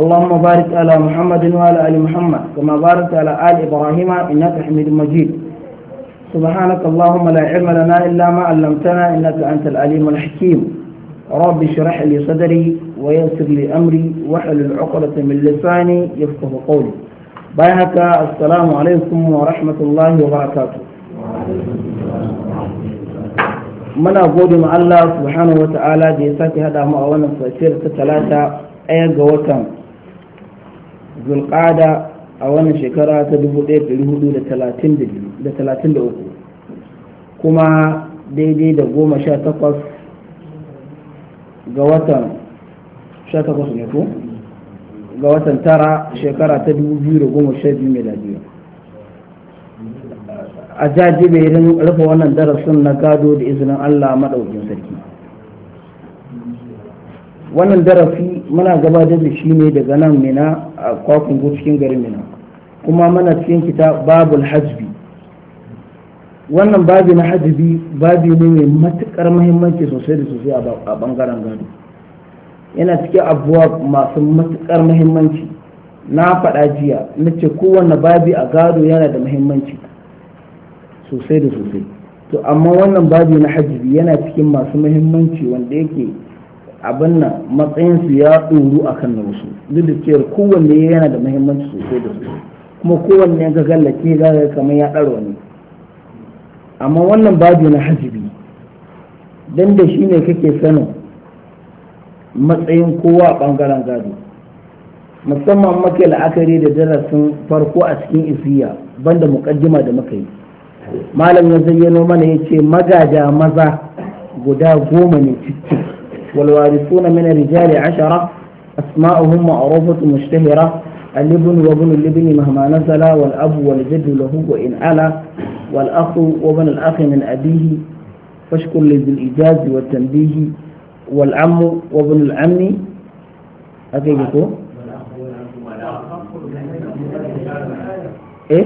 اللهم بارك على محمد وعلى آل محمد كما باركت على آل إبراهيم إنك حميد مجيد سبحانك اللهم لا علم لنا إلا ما علمتنا إنك أنت العليم الحكيم رب اشرح لي صدري ويسر لي أمري واحلل عقدة من لساني يفقه قولي بايعك السلام عليكم ورحمة الله وبركاته muna gode ma Allah subhanahu wa ta'ala da ya sake hada mu a wannan safiyar ta talata ɗaya ga watan zulƙada a wannan shekara ta 1433 kuma daidai da goma sha takwas ga watan sha takwas ne ko ga watan tara shekara ta 2012 miladiya a jajiberin rufe wannan darasin na gado da izinin allah maɗaukin sarki wannan darasi muna gabatar da shi ne daga nan mina a kwakungu cikin garin mina kuma mana cikin kita babul hajbi wannan babi na hajbi babi ne mai matukar muhimmanci sosai da sosai a bangaren gado yana cikin abuwa masu matukar muhimmanci na faɗa jiya na ce kowane babi a gado yana da muhimmanci sosai da sosai to amma wannan babi na hajji yana cikin masu muhimmanci wanda yake abin nan matsayinsu ya ɗoru a kan na wasu duk da cewar kowanne yana da muhimmanci sosai da sosai kuma kowanne ga gallake ga kamar ya ɗarwa ne. amma wannan babu na hajibi don da shi ne kake sanin matsayin kowa a ɓangaren gado musamman maka la'akari da darasin farko a cikin isiya banda muƙaddima da muka yi malam ya zayyano mana ya ce magaja maza guda goma ne cikin والوارثون من الرجال عشرة أسماؤهم معروفة مشتهرة الابن وابن الابن مهما نزل والأب والجد له وإن علا والأخ وابن الأخ من أبيه فاشكر لذي الإجاز والتنبيه والعم وابن العم أكيد إيه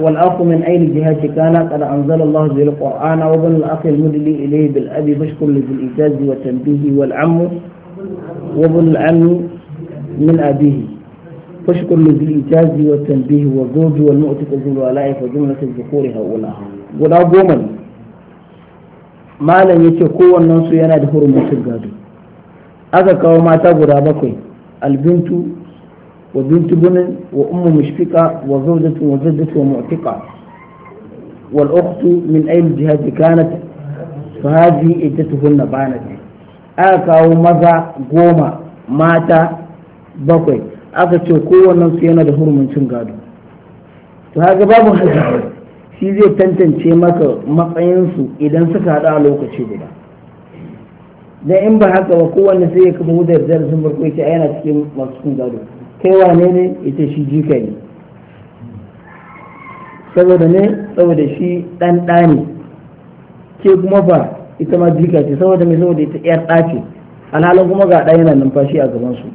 والأخ من أين جهة كان قد أنزل الله به القرآن وابن الأخ المدلي إليه بالأبي بشكر بالإيجاز والتنبيه والعم وابن العم من أبيه فاشكر بالإيجاز والتنبيه والزوج والمؤتف ذي الولاء وجملة الذكور هؤلاء ولا قوما ما لم يتقوى الناس ينادي حرم السجاد أذا كوما تبرى بكي البنت وبنت بن وأم مشفقة وزوجة وجدة ومعتقة والأخت من أي الجهاد كانت فهذه عدتهن بانت أكاو مذا قوما ماتا بقي أكتو قوة نمسينا دهور من شنقادو فهذا باب حجاب shi zai tantance maka matsayinsu idan suka haɗa a lokaci guda don in ba haka ba kowanne sai ya kuma wudar darasin farko kai ce yana cikin masu kun gado kai wane ne ita shi jika ne saboda ne saboda shi ɗan ɗa ne ke kuma ba ita ma jika ce saboda mai saboda ita ƴar ɗa ce alhalin kuma ga ɗa yana numfashi a gaban su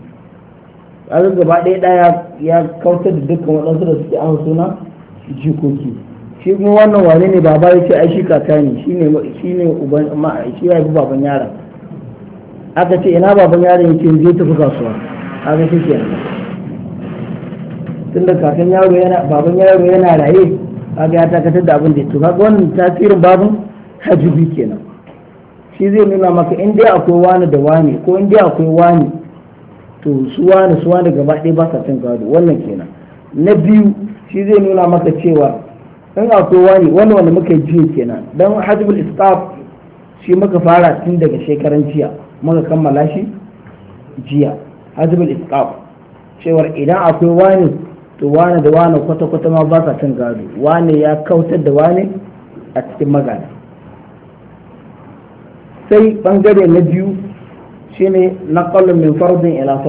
azan gaba ɗaya ɗaya ya kautar da dukkan waɗansu da suke an suna jikoki shi kuma wannan wane ne baba ya ce ai shi kaka ne shi ne shi ne uban ma shi ya yi baban yaron aka ce ina baban yaron yake je tafi kasuwa aka ce kenan tun da kakan yaro yana baban yaro yana raye kaga ya takatar da abin da to kaga wannan tasirin babun hajibi kenan shi zai nuna maka in dai akwai wani da wani ko in dai akwai wani to su wani su wani gaba ɗaya ba sa cin gado wannan kenan na biyu shi zai nuna maka cewa in akwai wani wani wanda muka ji kenan dan hajibul istaf shi muka fara tun daga shekaran jiya muka kammala shi jiya hajibul istaf cewar idan akwai wani to wane da wane kwata-kwata ma ba sa cin gado wane ya kautar da wane a cikin magana sai bangare na biyu shine na min fardin ila